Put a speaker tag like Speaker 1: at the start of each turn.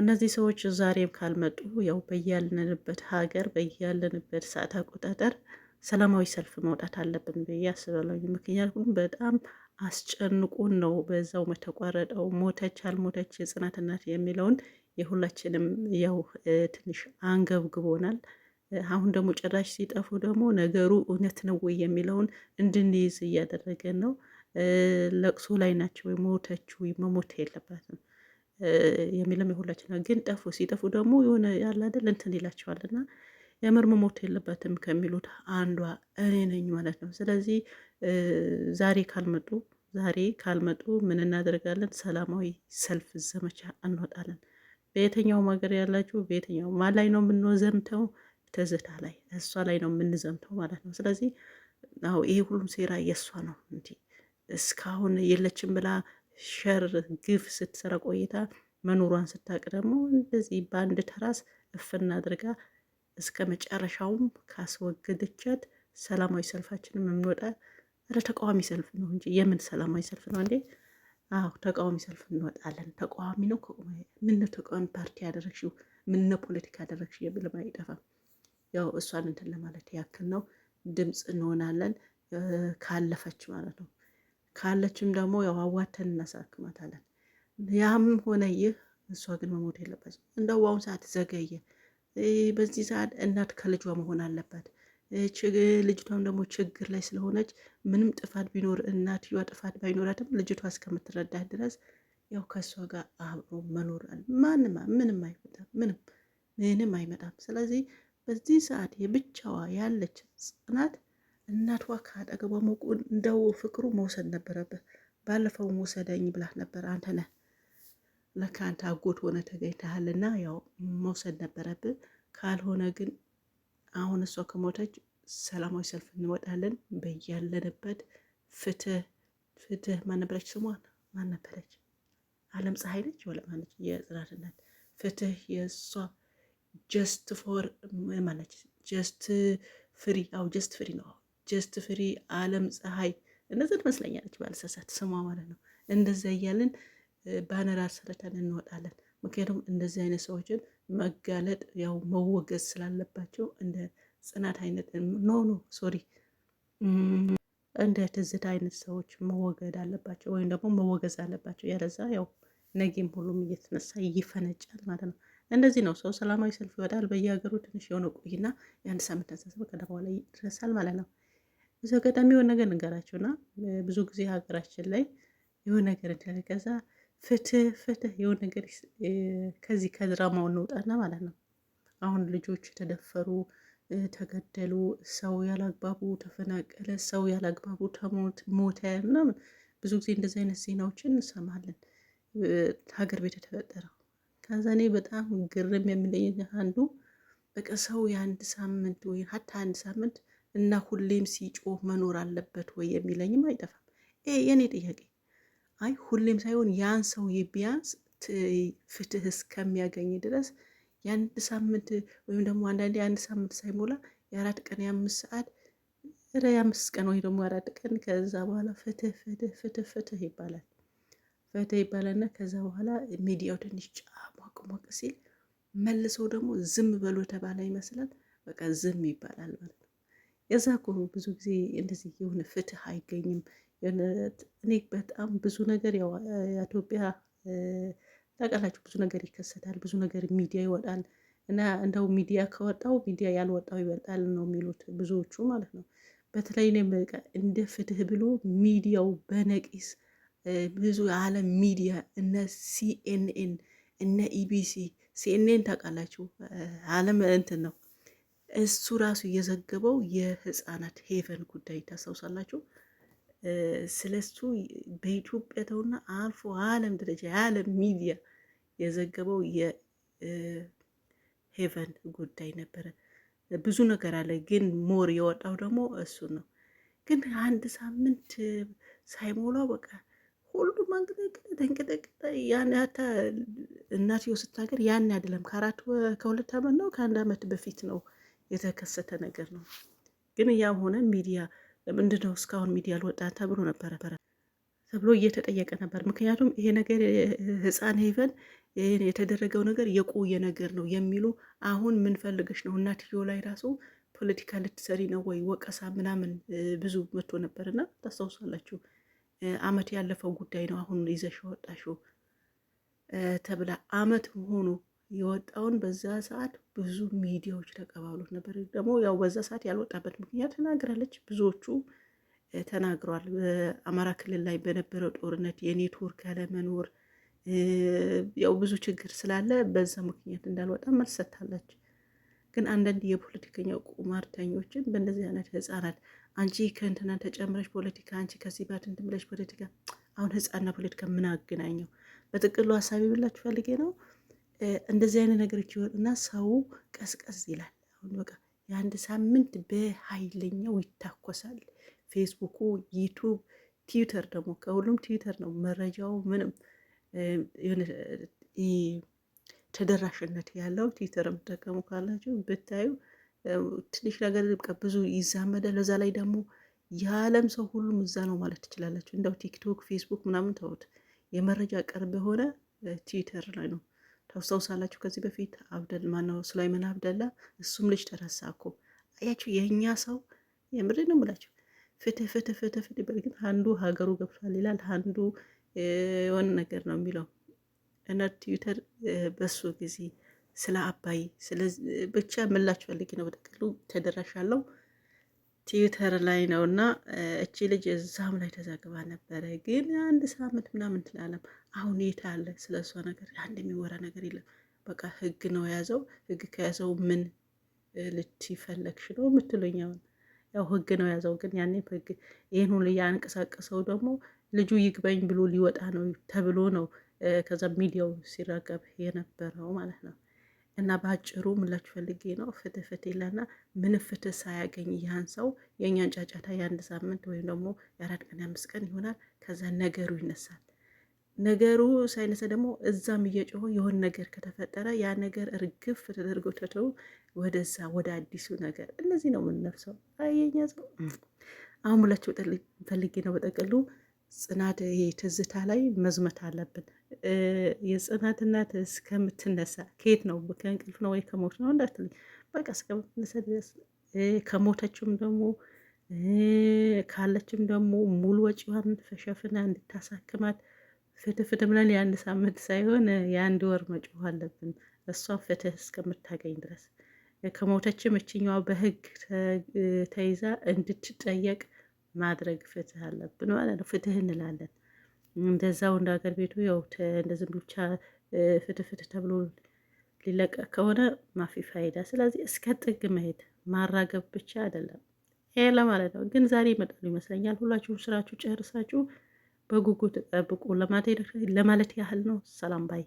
Speaker 1: እነዚህ ሰዎች ዛሬም ካልመጡ ያው በያለንበት ሀገር በያለንበት ሰዓት አቆጣጠር ሰላማዊ ሰልፍ መውጣት አለብን ብዬ አስባለሁ። ምክንያቱም በጣም አስጨንቁን ነው በዛው መተቋረጠው ሞተች አልሞተች የጽናት እናት የሚለውን የሁላችንም ያው ትንሽ አንገብግቦናል። አሁን ደግሞ ጭራሽ ሲጠፉ ደግሞ ነገሩ እውነት ነው ወይ የሚለውን እንድንይዝ እያደረገን ነው። ለቅሶ ላይ ናቸው። ሞተች ወይ መሞት የለባትም የሚለም የሁላችን ግን ጠፉ። ሲጠፉ ደግሞ የሆነ ያለ አይደል እንትን ይላቸዋል እና የምር መሞት የለበትም ከሚሉት አንዷ እኔ ነኝ ማለት ነው። ስለዚህ ዛሬ ካልመጡ ዛሬ ካልመጡ ምን እናደርጋለን? ሰላማዊ ሰልፍ ዘመቻ እንወጣለን። በየትኛውም ሀገር ያላችሁ በየትኛው ማ ላይ ነው የምንዘምተው? ትዝታ ላይ እሷ ላይ ነው የምንዘምተው ማለት ነው። ስለዚህ ይሄ ሁሉም ሴራ የእሷ ነው እንጂ እስካሁን የለችም ብላ ሸር ግፍ ስትሰራ ቆይታ መኖሯን ስታቅ ደግሞ እንደዚህ በአንድ ተራስ እፍና አድርጋ እስከ መጨረሻውም ካስወገደቻት ሰላማዊ ሰልፋችን የምንወጣ ረ ተቃዋሚ ሰልፍ ነው እንጂ የምን ሰላማዊ ሰልፍ ነው እንዴ? አዎ ተቃዋሚ ሰልፍ እንወጣለን። ተቃዋሚ ነው ምነው ተቃዋሚ ፓርቲ ያደረግሽው ምነው ፖለቲካ ያደረግሽ የሚልም አይጠፋም። ያው እሷን እንትን ለማለት ያክል ነው። ድምፅ እንሆናለን ካለፈች ማለት ነው። ካለችም ደግሞ ያው አዋተን እናሳክማታለን። ያም ሆነ ይህ እሷ ግን መሞት የለበት። እንደው በአሁኑ ሰዓት ዘገየ። በዚህ ሰዓት እናት ከልጇ መሆን አለበት። ልጅቷም ደግሞ ችግር ላይ ስለሆነች ምንም ጥፋት ቢኖር እናትየዋ ጥፋት ባይኖራትም ልጅቷ እስከምትረዳት ድረስ ያው ከእሷ ጋር አብሮ መኖር ማንም ምንም አይመጣም፣ ምንም ምንም አይመጣም። ስለዚህ በዚህ ሰዓት የብቻዋ ያለች ጽናት እናቷ ከአጠገቧ መቁ እንደው ፍቅሩ መውሰድ ነበረብህ። ባለፈው መውሰደኝ ብላት ነበር። አንተ ነህ ለካ አንተ አጎት ሆነ ተገኝተሃልና ያው መውሰድ ነበረብህ። ካልሆነ ግን አሁን እሷ ከሞተች ሰላማዊ ሰልፍ እንወጣለን። በያለንበት ፍትህ ፍትህ ማነበረች ስሟን ማነበረች አለም ፀሐይ ነች ወለ ማነች? የጽናት ፍትህ የእሷ ጀስት ፎር ማነች? ጀስት ፍሪ አው ጀስት ፍሪ ነው። ጀስት ፍሪ፣ አለም ፀሐይ እንደዛ ትመስለኛለች ባለሳሳት ስሟ ማለት ነው። እንደዚ እያልን ባነር አሰርተን እንወጣለን። ምክንያቱም እንደዚህ አይነት ሰዎችን መጋለጥ ያው መወገዝ ስላለባቸው እንደ ጽናት አይነት ኖ ኖ ሶሪ እንደ ትዝታ አይነት ሰዎች መወገድ አለባቸው፣ ወይም ደግሞ መወገዝ አለባቸው። ያለዛ ያው ነጌም ሁሉም እየተነሳ ይፈነጫል ማለት ነው። እንደዚህ ነው ሰው ሰላማዊ ሰልፍ ይወጣል በየሀገሩ ትንሽ የሆነ ቆይና የአንድ ሳምንት ከዛ በኋላ ይደርሳል ማለት ነው። እዚ አጋጣሚ የሆነ ነገር ንገራችሁና ብዙ ጊዜ ሀገራችን ላይ የሆነ ነገር እንዳለ ከዛ ፍትህ ፍትህ የሆነ ነገር ከዚህ ከድራማው እንውጣና ማለት ነው። አሁን ልጆች የተደፈሩ ተገደሉ፣ ሰው ያላግባቡ ተፈናቀለ፣ ሰው ያላግባቡ ሞተ ምናምን ብዙ ጊዜ እንደዚህ አይነት ዜናዎችን እንሰማለን። ሀገር ቤት የተፈጠረው ከዛ እኔ በጣም ግርም የሚለኝ አንዱ በቃ ሰው የአንድ ሳምንት ወይ ሀታ አንድ ሳምንት እና ሁሌም ሲጮህ መኖር አለበት ወይ የሚለኝም አይጠፋም። ይሄ የኔ ጥያቄ። አይ ሁሌም ሳይሆን ያን ሰውዬ ቢያንስ ፍትህ እስከሚያገኝ ድረስ የአንድ ሳምንት ወይም ደግሞ አንዳንዴ የአንድ ሳምንት ሳይሞላ የአራት ቀን የአምስት ሰዓት ረ የአምስት ቀን ወይ ደግሞ አራት ቀን ከዛ በኋላ ፍትህ ፍትህ ፍትህ ፍትህ ይባላል። ፍትህ ይባላልና ከዛ በኋላ ሚዲያው ትንሽ ጫሟቅ ሟቅ ሲል መልሰው ደግሞ ዝም በሉ ተባለ ይመስላል። በቃ ዝም ይባላል ማለት የዛ እኮ ብዙ ጊዜ እንደዚህ የሆነ ፍትህ አይገኝም። እኔ በጣም ብዙ ነገር ያው ኢትዮጵያ ታውቃላችሁ፣ ብዙ ነገር ይከሰታል፣ ብዙ ነገር ሚዲያ ይወጣል። እና እንደው ሚዲያ ከወጣው ሚዲያ ያልወጣው ይበልጣል ነው የሚሉት ብዙዎቹ ማለት ነው። በተለይ በቃ እንደ ፍትህ ብሎ ሚዲያው በነቂስ ብዙ የዓለም ሚዲያ እነ ሲኤንኤን እነ ኢቢሲ ሲኤንኤን ታውቃላችሁ፣ ዓለም እንትን ነው እሱ ራሱ እየዘገበው የህፃናት ሄቨን ጉዳይ ታስታውሳላችሁ። ስለ እሱ በኢትዮጵያ ተውና አልፎ ዓለም ደረጃ የዓለም ሚዲያ የዘገበው የሄቨን ጉዳይ ነበረ። ብዙ ነገር አለ፣ ግን ሞር የወጣው ደግሞ እሱ ነው። ግን አንድ ሳምንት ሳይሞላው በቃ ሁሉም አንቀጠቀጠ ተንቀጠቀጠ። ያን ያታ ስታገር ያን አይደለም ከአራት ከሁለት ዓመት ነው ከአንድ ዓመት በፊት ነው የተከሰተ ነገር ነው። ግን ያም ሆነ ሚዲያ ምንድነው እስካሁን ሚዲያ አልወጣ ተብሎ ነበረ ተብሎ እየተጠየቀ ነበር። ምክንያቱም ይሄ ነገር ህፃን ሄቨን የተደረገው ነገር የቆየ ነገር ነው የሚሉ አሁን ምን ፈልገሽ ነው እናትዮ ላይ ራሱ ፖለቲካ ልትሰሪ ነው ወይ ወቀሳ ምናምን ብዙ መቶ ነበር እና ታስታውሳላችሁ። አመት ያለፈው ጉዳይ ነው አሁን ይዘሽ ወጣሽው ተብላ አመት ሆኖ የወጣውን በዛ ሰዓት ብዙ ሚዲያዎች ተቀባብሎት ነበር። ደግሞ ያው በዛ ሰዓት ያልወጣበት ምክንያት ተናግራለች፣ ብዙዎቹ ተናግረዋል። በአማራ ክልል ላይ በነበረው ጦርነት የኔትወርክ ያለመኖር ያው ብዙ ችግር ስላለ በዛ ምክንያት እንዳልወጣ መልስ ሰጥታለች። ግን አንዳንድ የፖለቲከኛ ቁማርተኞችን በእንደዚህ አይነት ህፃናት አንቺ ከእንትና ተጨምረሽ ፖለቲካ አንቺ ከዚህ ባትንትን ብለሽ ፖለቲካ አሁን ህፃና ፖለቲካ ምን አገናኘው? በጥቅሉ ሀሳቢ ብላችሁ ፈልጌ ነው። እንደዚህ አይነት ነገሮች ይወጡና ሰው ቀስቀስ ይላል። አሁን በቃ የአንድ ሳምንት በኃይለኛው ይታኮሳል። ፌስቡኩ፣ ዩቱብ፣ ትዊተር ደግሞ ከሁሉም ትዊተር ነው መረጃው ምንም ተደራሽነት ያለው ትዊተር የምጠቀሙ ካላቸው ብታዩ ትንሽ ነገር ብዙ ይዛመደ። ለዛ ላይ ደግሞ የዓለም ሰው ሁሉም እዛ ነው ማለት ትችላላችሁ። እንደው ቲክቶክ፣ ፌስቡክ ምናምን ተውት፣ የመረጃ ቅርብ የሆነ ትዊተር ላይ ነው። ታስታውሳላችሁ ከዚህ በፊት አብደል ማነው ሱላይማን አብደላ እሱም ልጅ ተረሳ እኮ አያችሁ። የእኛ ሰው የምር ነው ብላችሁ ፍትህ ፍትህ ፍትህ ፍትህ በእርግጥ አንዱ ሀገሩ ገብቷል ይላል፣ አንዱ የሆነ ነገር ነው የሚለው እና ትዊተር በሱ ጊዜ ስለ አባይ ስለ ብቻ ምላችሁ ፈልጌ ነው በጠቅሉ ተደራሻለው። ትዊተር ላይ ነው እና እቺ ልጅ እዛም ላይ ተዘግባ ነበረ። ግን አንድ ሳምንት ምናምን ትላለም። አሁን የት አለ ስለ እሷ ነገር? አንድ የሚወራ ነገር የለም። በቃ ህግ ነው የያዘው። ህግ ከያዘው ምን ልትፈለግሽ ነው የምትሉኛው? ያው ህግ ነው የያዘው። ግን ያኔ ህግ ይህን ሁሉ ያንቀሳቀሰው ደግሞ ልጁ ይግበኝ ብሎ ሊወጣ ነው ተብሎ ነው። ከዛ ሚዲያው ሲራገብ የነበረው ማለት ነው። እና በአጭሩ ምላችሁ ፈልጌ ነው ፍትህ ፍትህ ይለና ምንም ፍትህ ሳያገኝ ያን ሰው የእኛን ጫጫታ የአንድ ሳምንት ወይም ደግሞ የአራት ቀን የአምስት ቀን ይሆናል። ከዛ ነገሩ ይነሳል። ነገሩ ሳይነሳ ደግሞ እዛም እየጮሆ የሆን ነገር ከተፈጠረ ያ ነገር እርግፍ ተደርጎ ተተው ወደዛ ወደ አዲሱ ነገር እነዚህ ነው የምንነፍሰው። አየኛ ሰው አሁን ምላችሁ ፈልጌ ነው በጠቅሉ ጽናት ይሄ ትዝታ ላይ መዝመት አለብን። የጽናት እናት እስከምትነሳ ከየት ነው ከእንቅልፍ ነው ወይ ከሞት ነው እንዳትልኝ፣ በቃ እስከምትነሳ ድረስ ከሞተችም ደግሞ ካለችም ደግሞ ሙሉ ወጪዋን ተሸፍና እንድታሳክማት ፍትህ ፍትህ ብለን የአንድ ሳምንት ሳይሆን የአንድ ወር መጮህ አለብን፣ እሷን ፍትህ እስከምታገኝ ድረስ። ከሞተችም እችኛዋ በህግ ተይዛ እንድትጠየቅ ማድረግ ፍትህ አለብን ማለት ነው። ፍትህ እንላለን። እንደዛው እንደ ሀገር ቤቱ ያው እንደዚህ ብቻ ፍትፍት ተብሎ ሊለቀ ከሆነ ማፊ ፋይዳ። ስለዚህ እስከ ጥግ መሄድ ማራገብ ብቻ አይደለም ይሄ ለማለት ነው። ግን ዛሬ ይመጣሉ ይመስለኛል። ሁላችሁም ስራችሁ ጨርሳችሁ በጉጉት ጠብቁ ለማለት ያህል ነው። ሰላም ባይ